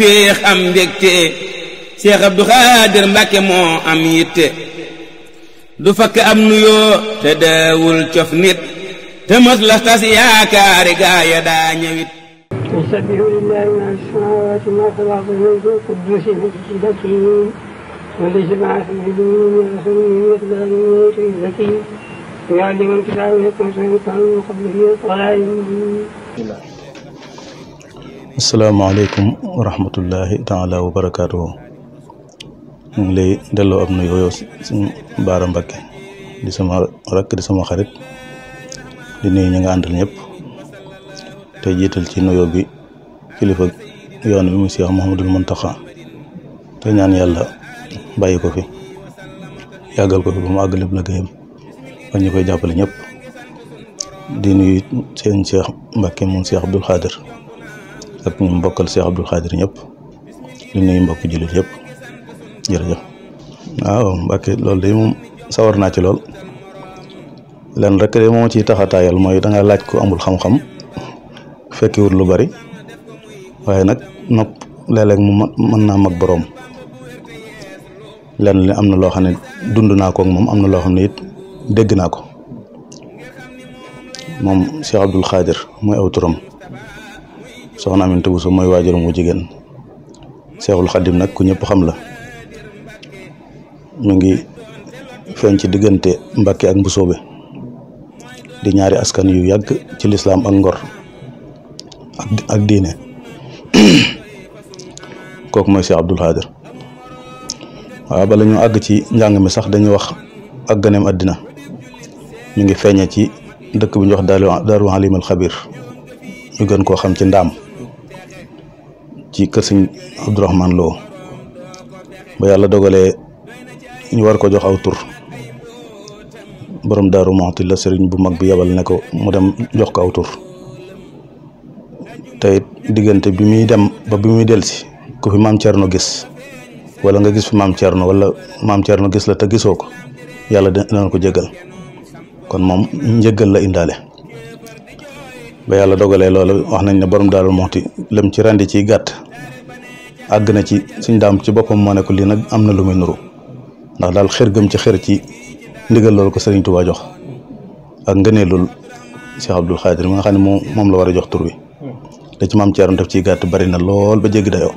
féex am mbégte Cheikh Abdou Khadir Mbacke moo am yitte du fakk am nuyoo te deewul cof nit te mos la tas yaakaari gaa ya daa ñëwit يسبح لله ما في السماوات وما في الأرض الملك القدوس الحكيم وليس معه في الدنيا من رسول مثل الموت الذكي ويعلم الكتاب ويكون سيطعن قبله طلائع asalaamaaleykum wa rahmatullahi taala wa barakaatuhu ñu lay delloo ab nuyoo yow suñu baara di sama rakk di sama xarit di nuyu ñu nga àndal te jiital ci nuyoo bi kilifa yoon bi mu Seex Muhammadul Muntaxa te ñaan yàlla bàyyi ko fi yàggal ko fi ba mu àgg lépp liggéeyam ak koy jàppale ñëpp di nuyu seen Seex Mbàkke moom Seex Abdul Xaadir ak ñu mbokkal Cheikh Abdou Khadir ñëpp di mbokk jullit yëpp jërëjëf waaw Mbàkke loolu sawar naa ci lool len rek moo ciy taxataayal mooy danga laaj ko amul xam-xam fekkiwut lu bari waaye nag nopp léeg mën naa mag boroom lenn am na loo xam ne dund naa ko moom am na loo xam ne it dégg naa ko moom Cheikh Abdou Khadir mooy aw soxna Aminta Bousso mooy waajuram wu jigéen Seexul Xadim nag ku ñëpp xam la mu ngi feeñ ci diggante Mbàkke ak Mbusoobe di ñaari askan yu yàgg ci lislaam ak ngor ak diine kooku mooy Cheikh Abdoul Khadir waaw bala ñu àgg ci njàng mi sax dañuy wax ak ganeem àddina mu ngi feeñe ci dëkk bu ñuy wax Daaru Alimul Xabir ñu gën koo xam ci ndaam ci kër sëñ Abdourahmane Lo ba yàlla dogalee ñu war ko jox aw tur boroom daaru Muxti la sëriñ bu mag bi yabal ne ko mu dem jox ko aw tur tey diggante bi muy dem ba bi muy delsi ku fi maam Thierno gis wala nga gis fi maam Thierno wala maam Thierno gis la te gisoo ko yàlla dana ko jégal kon moom njëgal la indaale ba yàlla dogalee loolu wax nañ ne borom daaru Muxti lam ci rendi ciy gàtt àgg na ci suñ daam ci boppam moo ne lii nag am na lu muy nuru ndax daal xer gëm ci xër ci ndigal loolu ko Serigne Touba jox ak ngëneelul Cheikh Abdoul Khadir mi nga xam ne moom moom la war a jox tur wi da ci maam Thierno daf ciy gàtt bari na lool ba jéggi dayoo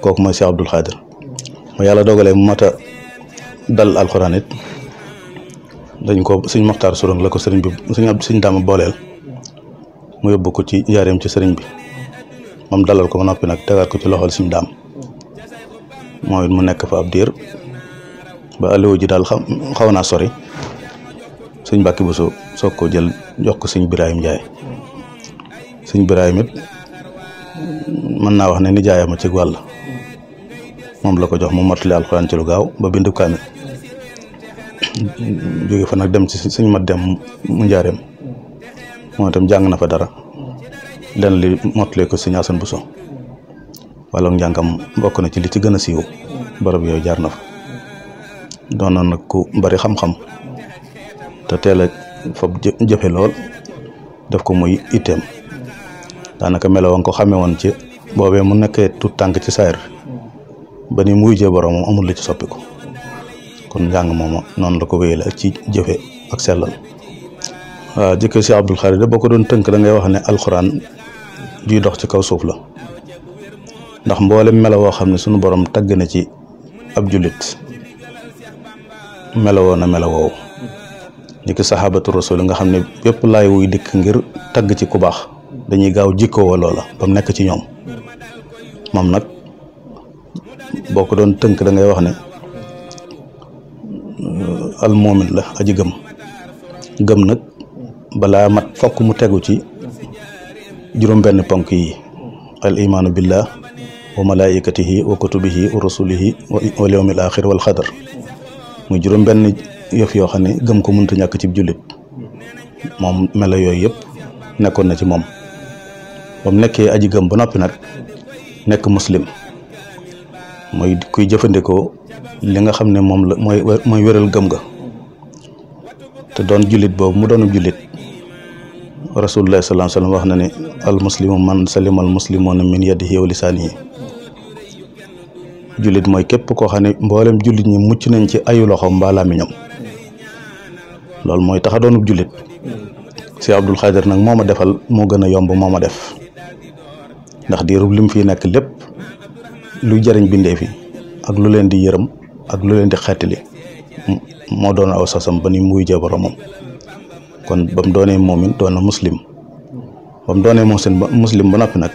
kooku mooy Cheikh Abdoul Khadir ma yàlla dogalee mu mat a dal alxuraanit dañ ko suñ Moxtaar Sourang la ko sëriñ bi suñ ab suñ daama booleel mu yóbbu ko ci njaareem ci sëriñ bi. moom dalal ko ba noppi nag tegaat ko ci loxol suñu daam moom it mu nekk fa ab diir ba ji daal naa sori suñ mbàkki bu soo soog koo jël jox ko suñ Birahim Ndiaye suñ Birahim it mën naa wax ne ni jaayama ci wàll moom la ko jox mu mottali alxuraan ci lu gaaw ba bindu kaamil jóge fa nag dem si suñ mat dem mu njaareem moo itam jàng na fa dara. len li mottalee ko sëñ Assane Bousso wala njàngam bokk na ci li ci gën a siiw barab yooyu jaar na fa na nag ku bari xam te teel a fob jëfe lool def ko muy itteem daanaka meloon ko xamee woon ci boobee mu nekkee tut tànk ci saayir ba ni muy boroom amul la ci soppi kon njàng mooma noonu la ko wéyale ci jëfe ak sellal waaw jëkkër si Abdul Xaadir da boo ko doon tënk da ngay wax ne alxuraan juy dox ci kaw suuf la ndax mboole melo woo xam ne sunu borom tagg na ci ab jullit melowoo na melo woowu ni ki saxaabatu rasul nga xam ne bépp laay wuy dikk ngir tagg ci ku baax dañuy gaaw jikkoo la ba mu nekk ci ñoom moom nag boo ko doon tënk dangay wax ne euh, almoomin la aji gëm gëm nag balaa mat fokk mu tegu ci juróom-benn ponk yi al imaanu billah wa malaikatihi wa kutubihi wa rusulihi wal yawmil axir wal xadar muy juróom-benn yëf yoo xam ne gëm ko muntu ñàkk ci jullit moom melo yooyu yëpp nekkoon na ci moom moom mu nekkee aji gëm ba noppi nag nekk muslim mooy kuy jëfandikoo li nga xam ne moom la mooy mooy wéral gëm ga te doon jullit boobu mu doonub jullit rasulullah sallallahu alayhi wasallam wax na ne al muslimu man salima al muslimuna min yadihi wa lisaanihi jullit mooy képp koo xam ne mboolem jullit ñi mucc nañ ci ayu loxo mbaa làmmiñam loolu mooy tax a doonub jullit si Abdul Xaadir nag moo ma defal moo gën a yomb moo ma def ndax diirub lim fi nekk lépp lu jariñ bindee fi ak lu leen di yërëm ak lu leen di xettali moo doon aw sasam ba ni muy jëbara moom kon ba mu doonee moomin doon na muslim ba mu doonee muhsin ba muslim ba noppi nag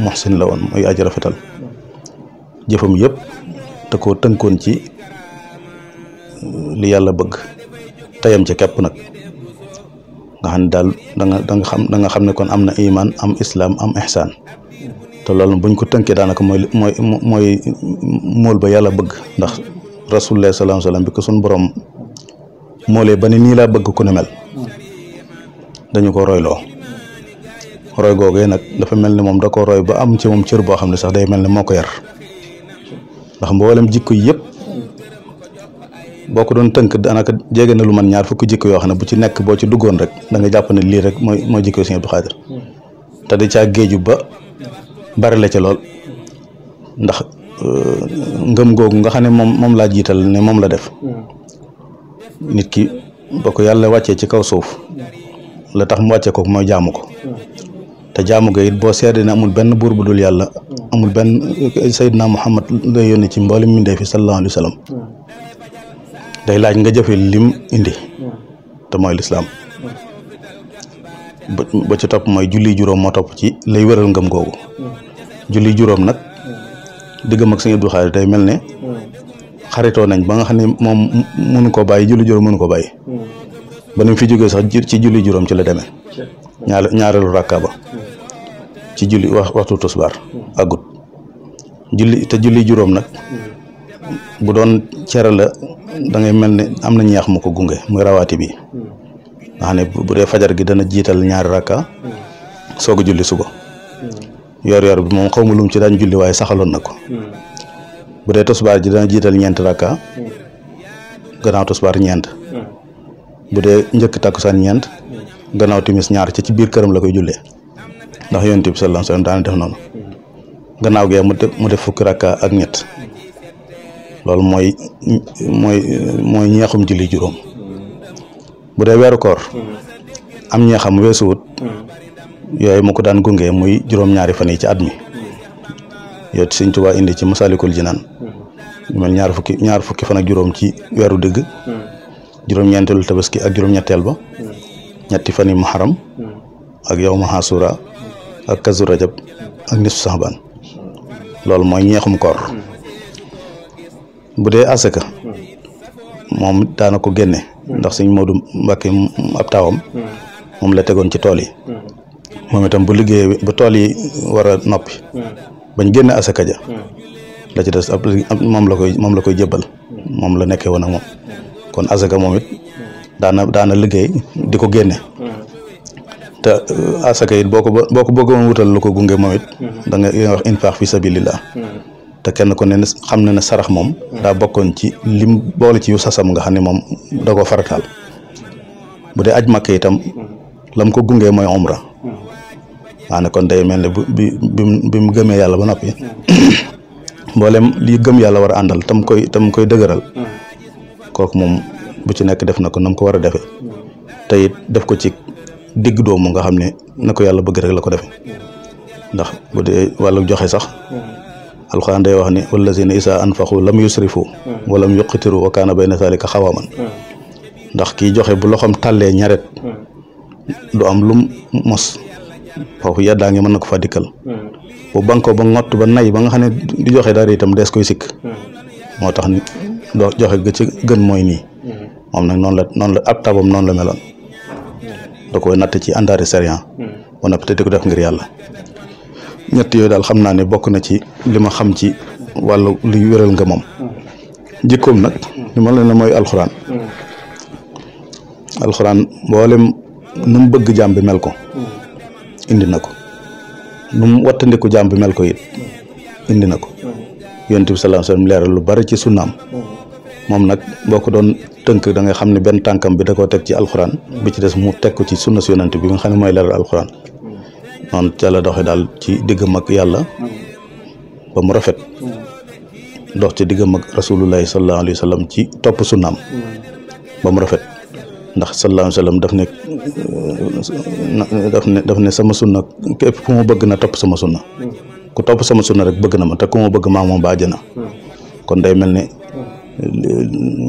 muhsin la woon mooy aji rafetal jëfam yépp te koo tënkoon ci li yàlla bëgg tayam ca kepp nag nga xam ne daal danga danga xam da xam ne kon am na iman am islaam am ihsaan te loolu buñ ko tënkee daanaka mooy mooy mool ba yàlla bëgg ndax rasulullah sallallahu alayhi wasallam bi ko suñ borom moolee ba ni nii laa bëgg ku ne mel dañu ko royloo roy googee nag dafa mel ni moom da ko roy ba am ci moom cër boo xam ne sax day mel ni moo ko yar ndax mboolem jikko yëpp boo ko doon tënk daanaka jege na lu man ñaar fukki jikko yoo xam ne bu ci nekk boo ci duggoon rek dangay nga jàpp ne lii rek mooy mooy si Sëñ Abdou Khadr te di caa géeju ba bari la ci lool ndax euh, ngëm googu nga xam ne moom moom laa jiital ne moom la def hmm. nit ki ba ko yàlla wàccee ci kaw suuf la tax mu wàccee ko mooy jaamu ko te jaamu ko boo seede ne amul benn buur bu dul yàlla amul benn na Muhammad la yónni ci mboolem mindee fi sallallahu alayhi day laaj nga jëfe lim indi te mooy lislaam ba ci topp mooy julli juróom moo topp ci lay wéral ngëm googu julli juróom nag diggam ak sëñ Abdou Khadre day mel ne xaritoo nañ ba nga xam ne moom mënu koo bàyyi julli juróom mënu ko bàyyi ba ni mu fi jógee sax ci julli juróom ci la demee ñaar ñaareelu rakka ba ci julli waxtu tusbaar agut julli te julli juróom nag bu doon cere la dangay mel ni am na ñeex mu ko gunge muy rawaati bi nga xam ne bu dee fajar gi dana jiital ñaar rakka soog a julli suba hmm. yor yor bi moom xaw ma lum ci daan julli waaye saxaloon na ko hmm. bu dee tosbaar ji dana jiital ñeent rakka hmm. gannaaw tosbaar ñeent hmm. bu dee njëkk takkusaan ñeent hmm. gannaaw timis ñaar ci ci biir këram la koy jullee ndax yonent bi sallallahu alayhi daana def noonu gannaaw gee mu def fukki rakka ak ñett loolu mooy mooy mooy ñeexum julli juróom bu dee weeru koor am ñeexam weesuwut yooyu mu ko daan gunge muy juróom-ñaari fan yi ci at mi yow ci sëñ indi ci Masaalikul Jinaan ñu mm-hmm. mel ñaar fukki ñaar fukki fan ak juróom ci weeru dëgg mm-hmm. juróom-ñeenteelu tabaski ak juróom-ñetteel ba mm-hmm. ñetti fan yi muharam ak yow mahasura ak kazu rajab ak nisu saxbaan loolu mooy ñeexum koor bu dee asaka moom daana ko génne ndax sëñ Moodu Mbàkke ab taawam moom la tegoon ci tool yi moom itam bu liggéey bu tool yi war noppi bañ génn asaka ja hmm. la ci des ab moom la koy la koy jëbbal hmm. moom la nekkee woon ak moom hmm. kon asaka moom it daana liggéey di ko génne te uh, asaka it boo ko boo ko bëggoon wutal lu ko gunge moom it da nga wax infaq fi sabilillah te kenn ko ne xam na ne sarax moom daa bokkoon ci lim boole ci yu sasam nga xam ne moom da koo farataal bu dee aj makka itam lam ko gungee mooy omra maanaam kon day mel ne bu bi bi mu gëmee yàlla ba noppi hmm. mboolem gëm yàlla war a àndal tam koy tam koy dëgëral hmm. kooku moom bu ci nekk def na ko nam ko war a defee hmm. te def ko ci digg doomu nga xam ne na ko yàlla bëgg rek la ko defee ndax bu dee wàllu joxe sax alxuraan day wax ni wallazina isa anfaqu lam yusrifu wa lam yuqtiru wa kaana bayna zalika xawaman ndax kii joxe bu loxoom tàllee ñaret du am lum mos foofu yeddaa ngi mën na ko fa dikkal bu banko ba ngott ba nay ba nga xam ne di joxe dara itam dees koy sikk moo tax ni doo joxe ga ci gën mooy nii moom nag noonu la noonu la ab tabam la meloon da koy ci àndaari sérian ba noppi te di ko def ngir yàlla ñett naa ne bokk na ci li ma xam ci wàllu luy wéral nga moom jikkoom nag li ma la ne mooy alxuraan alxuraan mboolem nu mu bëgg jàmm mel ko indi na ko nu mu wattandiku jaam bi mel ko it indi na ko yonent bi sallallahu alayhi leeral lu bari ci sunnaam moom nag boo ko doon tënk da nga xam ne benn tànkam bi da koo teg ci alxuraan bi ci des mu teg ko ci sunna si yonent bi nga xam ne mooy leeral alxuraan noonu ca la daal ci diggam ak yàlla ba mu rafet ndox ci diggam ak rasulullahi sallallahu alayhi wasallam ci topp sunnaam ba mu rafet ndax sallallahu alayhi wa sallam daf ne daf ne daf ne sama sunna képp bëgg na topp sama sunna ku topp sama sunna rek bëgg na ma te ku ma bëgg maa moom ba àjjana kon day mel ne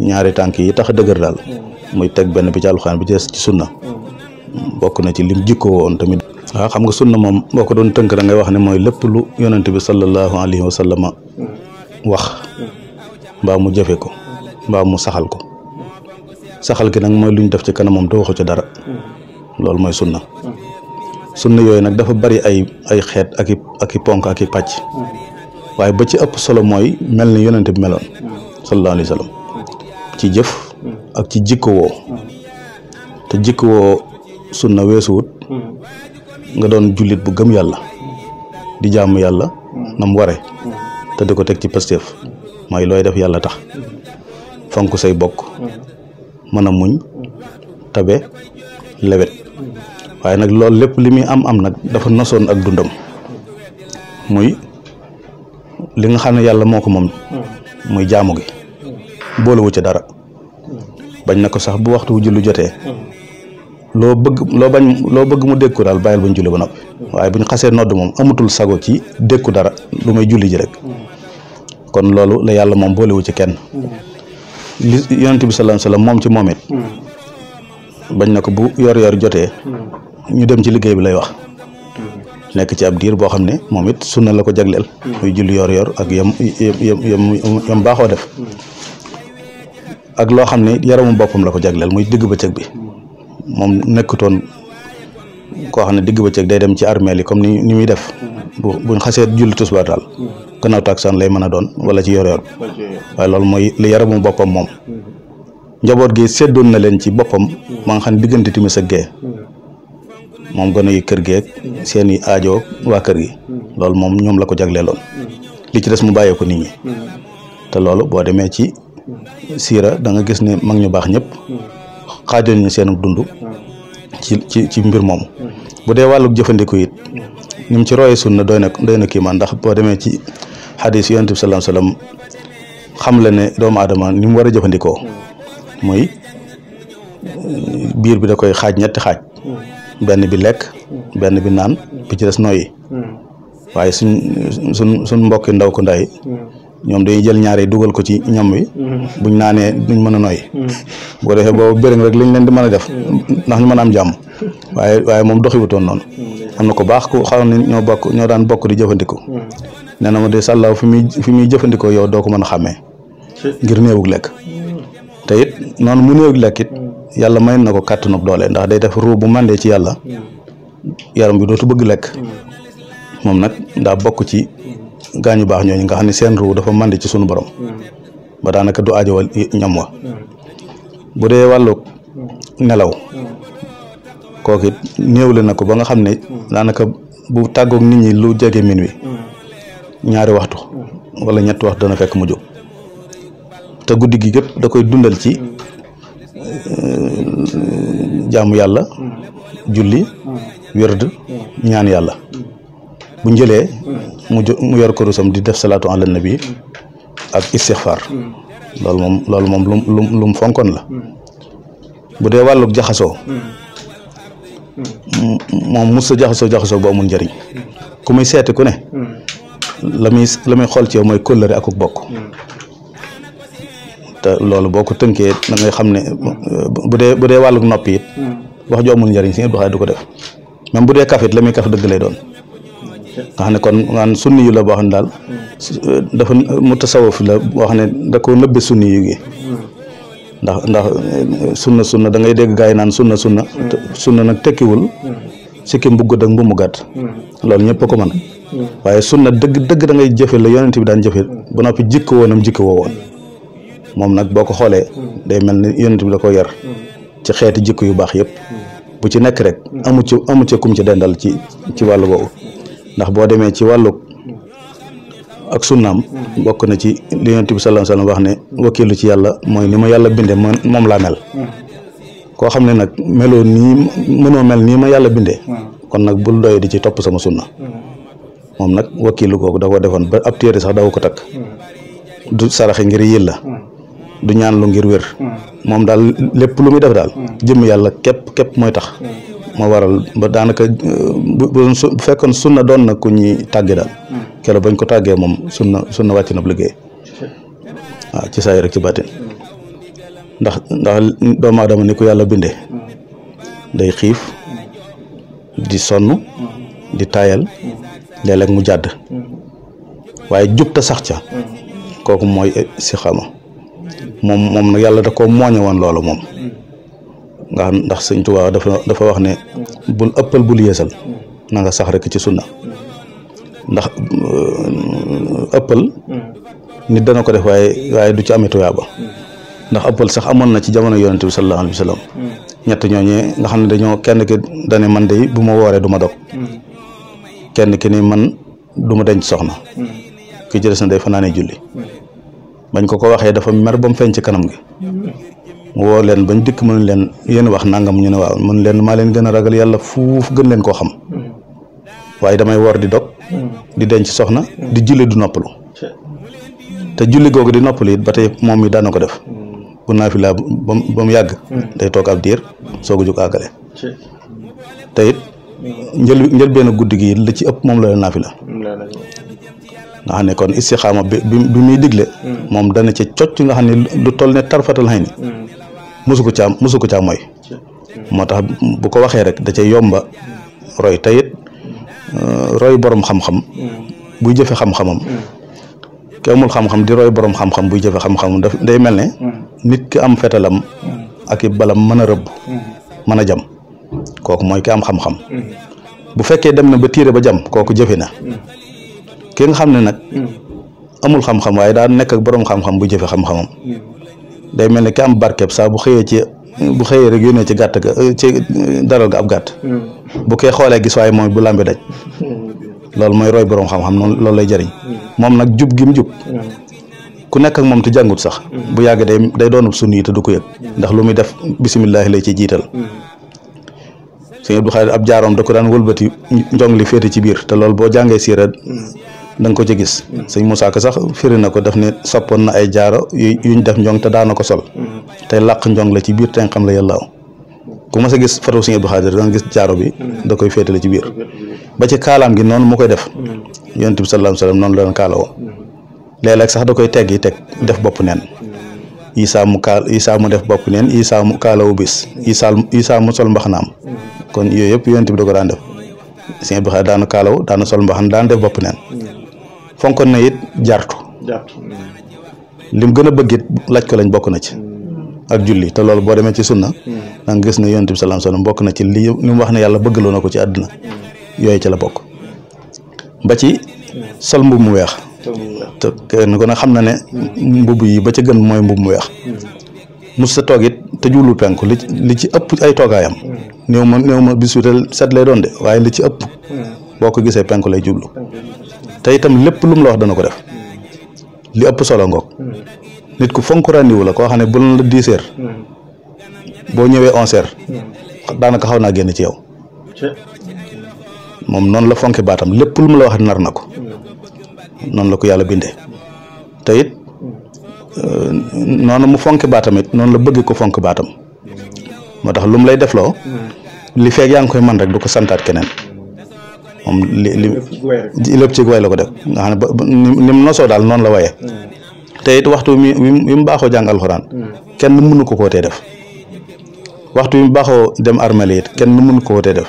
ñaari tànk yi tax a dëgër daal mooy teg benn bi ci alxuraan bi ci des ci sunna bokk na ci lim jikko woon tamit waa xam nga sunna moom boo ko doon tënk da ngay wax ne mooy lépp lu yonent bi sallallahu alayhi wa sallam wax mbaa mu jëfe ko mbaa mu saxal ko saxal gi nag mooy lu ñu def ci kanamam te waxu ci dara loolu mooy sunna sunna yooyu nag dafa bari ay ay xeet ak i ponk ak i pàcc waaye ba ci ëpp solo mooy mel ni yonent bi meloon sallallahu alayhi wa sallam ci jëf ak ci jikko te jikko woo sunna weesuwut nga doon jullit bu gëm yàlla di jàmm yàlla nam ware te di ko teg ci pasteef mooy looy def yàlla tax fonk say bokk mën a muñ tabe lewet waaye nag loolu lépp li muy am am nag dafa nasoon ak dundam muy li nga xam ne yàlla moo ko moom muy jaamu gi boolewu ci dara bañ na ko sax bu waxtu wu julli jotee loo bëgg loo bañ loo bëgg mu dékku daal bàyyil bañ julli ba noppi waaye buñ xasee nodd moom amatul sago ci dékku dara lu may julli ji rek kon loolu la yàlla moom boolewu ci kenn li yonent bi sallallahu alayhi moom ci moom hmm. bañ na ko bu yor-yor jotee hmm. ñu dem ci liggéey bi lay wax hmm. nekk ci ab diir boo xam ne moom it sunna la ko jagleel muy julli yor-yor ak yam yam yam baaxoo def ak loo xam ne yaramu boppam la ko jagleel muy digg bëccëg bi moom nekkutoon koo xam ne digg bëccëg day dem ci armeel yi comme ni ni muy def bu buñ xasee julli tisbaar daal gannaaw taksaan lay mën a doon wala ci yor-yor waaye loolu mooy li yaramu boppam moom mhm. njaboot gi seddoon na leen ci boppam ma mhm. nga xam ne diggante timis ak gee mhm. moom gone yi kër geeg seeni i aajo waa kër gi loolu moom ñoom la ko jagleeloon li ci des mu bàyyee ko nit ñi te loolu boo demee ci siira danga gis ne mag ñu baax ñëpp xaajoon ñu seen dund ci ci mbir moomu bu dee wàllu jëfandiku yit ni mu ci royee sunna doy na doy na ndax boo demee ci xadis yonent bi salaam salaam xam la ne doomu aadama ni mu war a jëfandikoo mooy biir bi da koy xaaj ñetti xaaj benn bi lekk benn bi naan bi ci noyyi waaye suñ suñ suñ mbokki ndaw ko nday ñoom dañuy jël ñaari dugal ko ci ñam wi buñ naanee duñ mën a noyyi boo defee boobu bërëng rek liñ leen di mën a def ndax ñu mën am jàmm waaye waaye moom doxiwutoon noonu am na ko baax ku xam ne ñoo bokk ñoo daan bokk di jëfandikoo. Mm. nee na ma de sàllaaw fi muy fi muy jëfandikoo yow doo ko mën a xàmmee. ngir néewug lekk. Mm. te it noonu mu néewug lekk mm. yàlla may na ko kàttanu doole ndax day def ruu bu màndee ci yàlla. yaram bi dootu bëgg lekk. moom nag ndaa bokk ci gaañu baax ñooñu nga xam ne seen ruu dafa màndee ci sunu borom. ba daanaka du ajo aajowal ñam wa. bu dee wàllu nelaw. kooku it néewle na ko ba nga xam ne daanaka bu tàggoog nit ñi lu jege min wi ñaari waxtu wala ñetti waxtu dana fekk mu jóg te guddi gi gépp da koy dundal ci euh, jaamu yàlla julli wérd ñaan yàlla bu njëlee mu mu yor korusam di def salaatu ala bi ak istixfar loolu moom loolu moom lu mu lu mu fonkoon la bu dee wàllug jaxasoo moom mos sa jaxasoo jaxasoo bu amul njëriñ ku muy seeti ku ne la muy la muy xool ci yow mooy kóllëre ak bokk te loolu boo ko tënkee da ngay xam ne bu dee bu dee wàlluk noppi it wax ju amul njëriñ si Abdou Khadre du ko def même bu dee kaf it la muy kaf dëgg lay doon nga ne kon nga sunni yu la boo xam ne daal dafa mu tasawuf la boo ne da ko nëbbe sunni yu gi ndax ndax eh, sunna sunna da ngay dégg gars yi naan sunna sunna sunna nag tekkiwul sikkim bu gudd ak mbubb mu gàtt loolu ñëpp ko mën waaye sunna dëgg dëgg da ngay jëfe la yonent bi daan jëfe ba noppi jikko woonam jikko woo woon moom nag boo ko xoolee day mel ni yonent bi da ko yar ci xeeti jikko yu baax yëpp bu ci nekk rek amu ci amu ci kum ci dendal ci ci wàllu boobu ndax boo demee ci wàllu ak sunnaam bokk na ci li yonent bi wax ne wakkilu ci yàlla mooy ni ma yàlla binde ma moom laa mel koo xam ne nag meloo nii mënoo mel nii ma yàlla bindee kon nag bul doy di ci topp sama sunna moom nag wakkilu googu da ko defoon ba ab téere sax daw ko takk du saraxe ngir yilla du ñaan lu ngir wér moom daal lépp lu muy def daal jëm yàlla képp képp mooy tax moo waral ba daanaka bu fekkoon sunna doon na ku ñuy tàgge daal keroog bañ ko tàggee moom sunna sunna wàcc na bu liggéey waaw ci ko yàlla bindee day xiif di sonn di taayal léeg mu jàdd waaye ca kooku mooy si xama moom moom yàlla da koo mooñe woon loolu moom xam ndax sëñ Tuubaa dafa dafa wax ne bul ëppal bul yeesal na sax rekk ci sunna ndax euh, ëppal nit dana ko def waaye waaye du ci amee tuyaaba ndax ëppal sax amoon na ci jamono yonente bi sallallahu alayhi ñett ñooñee nga xam ne dañoo kenn ki dane man dey bu ma wooree duma ma dog kenn ki ni man duma denc soxna ki jëles na day fanaanee julli bañ ko ko waxee dafa mer ba mu feeñ ci kanam gi mu woo leen bañ dikk mënu leen yéen wax nangam ñu ne waaw mënu leen maa leen gën a ragal yàlla fuuf gën leen koo xam waaye damay woor di dog di denc soxna di julli du noppalu te julli googu di noppalu it ba tey moom mi daana ko def bu la ba mu yàgg day toog ab diir soog a jóg àggale te it njël njëlbéenu guddi gi la ci ëpp moom la leen naafila nga xam ne kon istixaama bi bi muy digle moom dana ci cocc nga xam ne lu toll ne tarfatal xëy ni musu ko caa musu moo tax bu ko waxee rek da cay yomba roy tayit Euh, roy boroom xam-xam mm. buy jëfe xam-xamam mm. ki amul di roy borom xam buy jëfe xam-xamam daf day mel ne mm. nit ki am fetalam ak i balam mën a rëbb mën a jam kooku mooy ki am xam-xam bu fekkee dem na ba tiire ba jam kooku jëfe na ki xam ne nag amul xam-xam waaye daa nekk ak borom xam-xam bu jëfe xam-xamam day mel ne ki am barkeb saa bu xëyee ci bu xëyee rek yónnee ci gàtt ga euh, ci euh, daral ga ab gàtt bu koy xoolee gis waaye mooy bu làmbi daj hmm. loolu mooy roy boroom xam-xam noonu loolu lay jëriñ hmm. moom nag jub gi jub hmm. ku nekk moom te jàngut sax bu yàgg day day doonub sunni te du ko yëg ndax lu muy def bisimillahi lay ci jiital sëñ Abdou Khadir ab jaaroom da ko daan wëlbati njong li féete ci biir te loolu boo jàngee siira da ko ci gis sëñ Moussa ko sax firi na ko daf ne soppoon na ay jaaro yuñ def njong te daana ko sol tey làq njong la ci biir te xam la yàllaaw ku ma sa gis photo si Abdou Khadre da nga gis jaaro bi da koy féetale ci biir ba ci kaalaam gi noonu moo koy def yonent bi sallallahu alayhi wa sallam noonu la doon kaala woo sax da koy tegg yi teg def bopp neen Isaa mu kaal mu def bopp neen Isaa mu kaalawu bis Isaa Isaa mu sol mbaxanaam kon yooyu yëpp yonent bi da ko daan def Sëñ Abdou Khadre daanu kaalawu daanu sol mbaxan daan def bopp neen fonkoon na it jartu lim gën a bëgg it laaj ko lañ bokk na ci ak julli te loolu boo demee ci sunna hmm. da nga gis ne yonent bi salaam salaam bokk na ci li li mu wax ne yàlla bëggaloo na ko ci àdduna hmm. yooyu ci la bokk ba ci sol mbub mu weex te kenn ko xam na ne hmm. mbubb yi ba ca gën mooy mbub mu weex mu sa toog it te juwlu penku li li ci ëpp ay toogaayam néew ma néew ma bis set lay doon de waaye li ci ëpp boo ko gisee penku lay jublu te itam lépp lu mu la wax dana ko def li ëpp solo ngoog nit ku fonk rendez-vous la koo xam ne bu la dix heures boo ñëwee onze daanaka xaw naa génn ci yow moom noonu la fonke baatam lépp lu mu la wax nar na ko noonu la ko yàlla bindee te it euh, noonu mu fonke baatam it noonu la bëgg ko fonk baatam moo tax lu mu lay defloo li feeg yaa ngi koy man rek du ko santaat keneen moom li li lépp ci way la ko def nga xam ni mu nosoo daal noonu la waye hmm. te it waxtu mi mi mu baaxoo jàng alxuraan kenn nu ko koo tee def waxtu mi baaxoo dem armale it kenn mënu ko koo tee def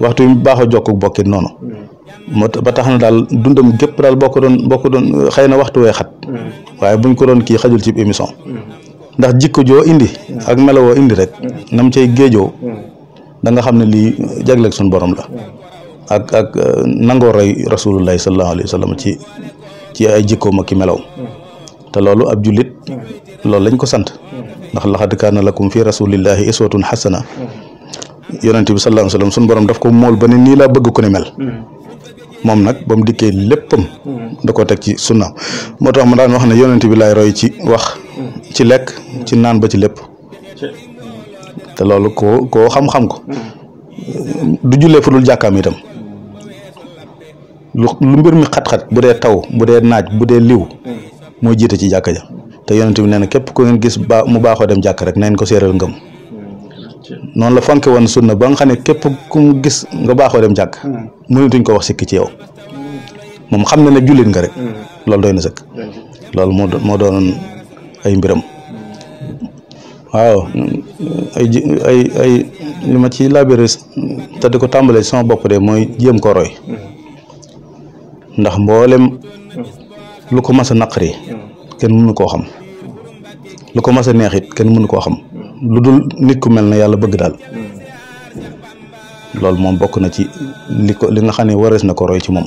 waxtu mi baaxoo jokk bokkit noonu moo ba tax na daal dundam gépp daal boo ko doon boo ko doon xëy na waxtu wee xat waaye buñ ko doon kii xajul ci émission ndax jikko joo indi ak melowoo indi rek nam cay géejoo danga xam ne lii jagleeg suñu borom la ak ak nangoo roy rasulullahi sallallahu alayhi wa sallam ci ci ay jikkoom ak melow te loolu ab jullit loolu lañ ko sant ndax laxad kaana lakum fi rasulillahi iswatun xasana yonente bi sallallahu alayhi wasallam suñu borom daf ko mool ba ne nii laa bëgg ko ne mel moom nag ba mu dikkee léppam da koo teg ci sunnaam moo tax ma daan wax ne yonente bi laay roy ci wax ci lekk ci naan ba ci lépp te loolu koo ko xam-xam ko du jullee fu dul jàkkaam itam lu mbir mi xat-xat bu dee taw bu dee naaj bu dee liw moo jiite ci jàkka ja te yonent bi nee na képp ku ngeen gis ba mu baaxoo dem jàkk rek neen ko séeral ngëm noonu la fonke woon sunna ba nga xam ne képp ku mu gis nga baaxoo dem jàkk hmm. mënatuñ ko wax sikki ci yow moom xam na ne jullit nga rek hmm. loolu doy na sëkk loolu moo moo doonoon ay mbiram waaw ay ay ay li ma ci labiré te di ko tàmbalee sama bopp de mooy jéem ko roy hmm. ndax mboolem lu ko mas a naqari kenn mënu koo xam lu ko masa a kenn mënu koo xam lu dul nit ku mel na yàlla bëgg daal loolu moom bokk na ci li ko li nga xam ne warees na ko roy ci moom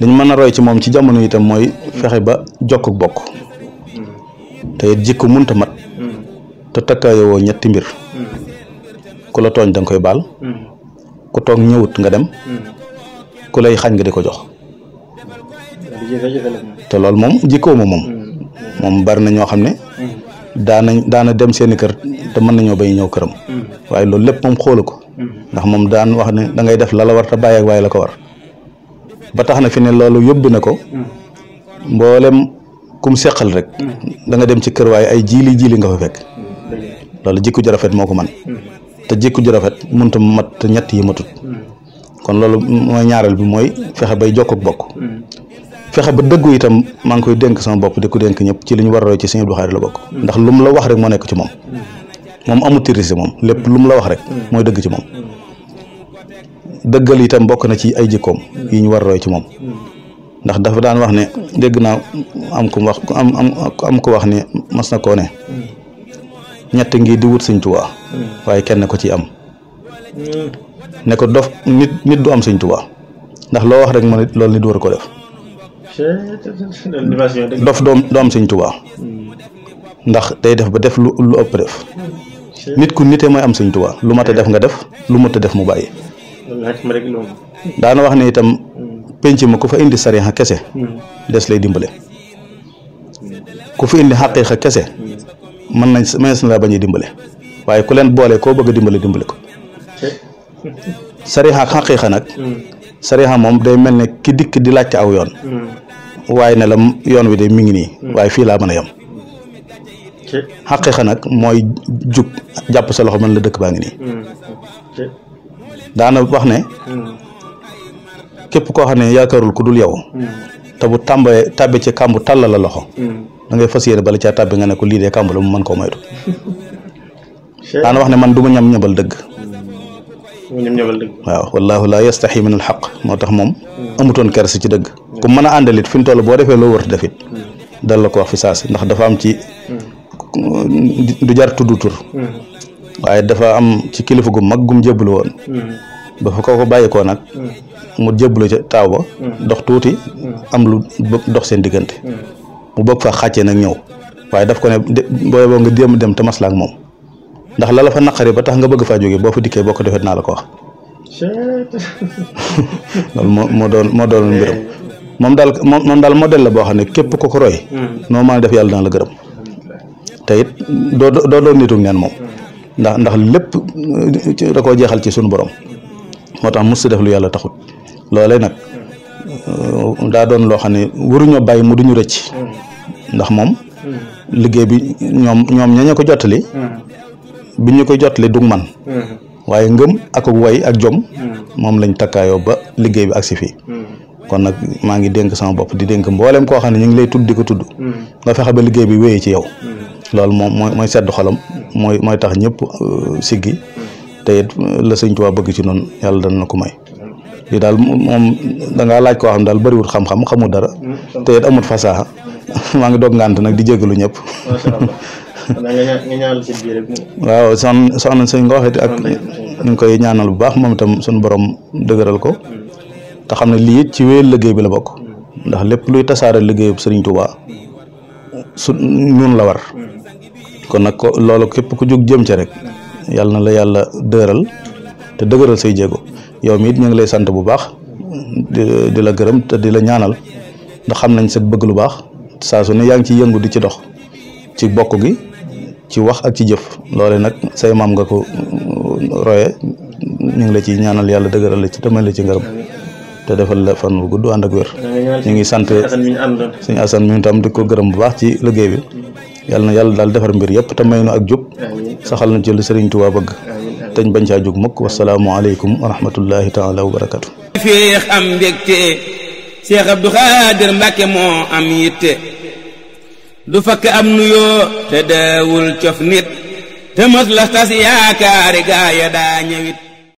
liñ mën a roy ci moom ci jamono itam mooy fexe ba jokk bokk te it jikko munta mat te takkaayowoo ñetti mbir ku la tooñ danga koy baal mm. ku toog ñëwut nga dem mm. ku lay xañ nga di ko jox te loolu moom jikkoo ma moom. Hmm. moom bari na ñoo xam ne. Hmm. daanañ daana dem seeni kër te mën nañoo bay ñëw këram. Hmm. waaye loolu lépp moom xoolu ko. ndax moom daan wax ne da ngay def lala la war te bàyyeek la ko war. ba tax na fi ne loolu yóbbu na ko. mboolem kum seqal rek. danga dem ci kër waaye ay jiili jiili nga fa fekk. loolu jikko ju rafet moo ko man te jikko ju rafet mënut mat ñett yi matut. kon loolu mooy ñaareel bi mooy fexe bay jokk ak bokk. fexe ba dëggu itam maa ngi koy dénk sama bopp di ku dénk ñëpp ci li ñu war a roy ci Sëñ Abdou Khadre la bokk ndax lu mu la wax rek moo nekk ci moom moom amul tirise moom lépp lu mu la wax mooy dëgg ci moom dëggal itam bokk na ci ay jikkoom yi ñu war ci moom ndax dafa daan wax ne dégg naa am ku wax am am ku wax ne mas na ñett ngi di wut waaye kenn ko ci am ne ko dof nit nit du am Sëñ Tuubaa ndax loo wax rek ma ne loolu nit war ko def dof doom du am sëñ tubaa ndax day def ba def lu lu ëpp def nit ku nite mooy am sëñ tubaa lu mat a def nga def lu mat a def mu bàyyi daana wax ne itam hmm. penc ma ku fa indi sariixa kese hmm. des lay dimbale hmm. ku fi indi xaqiiqa kese mën nañ mënees na laa bañ a dimbale waaye ku leen boole koo bëgg dimbale dimbale ko sariixa ak xaqiiqa nag sariixa moom day mel ne ki dikk di laajte aw yoon waaye ne la yoon wi de mi ngi nii hmm. waaye fii laa mën a yem xaqiiqa nag mooy jub jàpp sa loxo mën la dëkk baa ngi nii hmm. daana wax ne hmm. képp koo xam ne yaakaarul ku dul yow te bu tàmbalee tàbbi ci kàmb tàllal la loxo da fas yéene bala caa tàbbi nga ne ko lii dee kàmb la mu mën koo moytu daana wax ne man du ma ñam ñabal dëgg waaw wallaahu laa yastaxi min alxaq moo tax moom amutoon kersi ci dëgg ku mën a àndalit fi mu toll boo defee loo wër defit dal la ko wax fi saasi ndax dafa am ci du jar tudd tur waaye dafa am ci kilifa gu mag gum jébbalu woon ba fa kooku bàyyi koo nag mu jébbalu ca taaw ba dox tuuti am lu dox seen diggante mu bëgg fa xàccee nag ñëw waaye daf ko ne booy boo nga déem dem te maslaak moom ndax la la fa naqari ba tax nga bëgg faa jóge boo fa dikkee boo ko defee dinaa la ko wax loolu moo moo doon moo doon mbiram moom daal moom daal modèle la boo xam ne képp ko ko roy hmm. noo mën def yàlla dana la gërëm te it doo doo doon nitu neen moom hmm. ndax ndax lépp euh, da koo jeexal ci suñu borom moo tax mos def lu yàlla taxut loolee nag euh, daa doon loo xam ne waruñoo bàyyi mu duñu rëcc hmm. ndax moom liggéey bi ñoom ñoom ñaña ko jottali bi ñu koy jottali dug man mm-hmm. waaye ngëm ak way ak jom mm-hmm. moom lañ takkaayoo ba liggéey bi agsi fii mm-hmm. kon nag maa ngi dénk sama bopp di dénk mboolem koo xam ne ñu ngi lay tudd di ko tudd nga fexe ba liggéey bi wéyee ci yow loolu moom mooy mooy sedd xolam mooy mooy tax ñëpp euh, siggi te euh, la sëñ Tuubaa bëgg ci noonu yàlla dana na ko may daal moom dangaa laaj koo xam daal bëriwul xam-xam xamul dara te it amut fasaaxa maa ngi doog ngànt nag di jégalu ñépp waaw soxna soxna sëñ nga waxit ak ñu koy ñaanal bu baax moom itam suñ borom dëgëral ko te xam ne lii ci wéyal liggéey bi la bokk ndax lépp luy tasaare liggéeyub sëriñ Touba su ñun la war kon nag ko loolu képp ku jóg jëm ci rek yàlla na la yàlla dëgëral te dëgëral say jéego yow mi it ñu ngi lay sant bu baax di la gërëm te di la ñaanal ndax xam nañ sa bëgg lu baax saa su ne yaa ngi ci yëngu di ci dox ci bokk gi ci wax ak ci jëf loole nag say maam nga ko mm, roye ñu ngi la ci ñaanal yàlla dëgëral la ci demal le ci ngërëm te defal la fan bu gudd ànd ak wér ñu ngi sant suñu asan mi tam di ko gërëm bu baax ci liggéey bi yàlla na yàlla daal defar mbir yëpp te may nu ak jub saxal na ci lu Sëriñ Tuubaa bëgg teñ bañ caa jóg mukk wasalaamu aleykum wa rahmatullahi taala wa barakatu feex am mbégte Cheikh Abdou Khadir Mbacke moo am yitte du fakk am nuyoo te deewul cof nit te mës la tas yaakaari gaaya daa ñëwit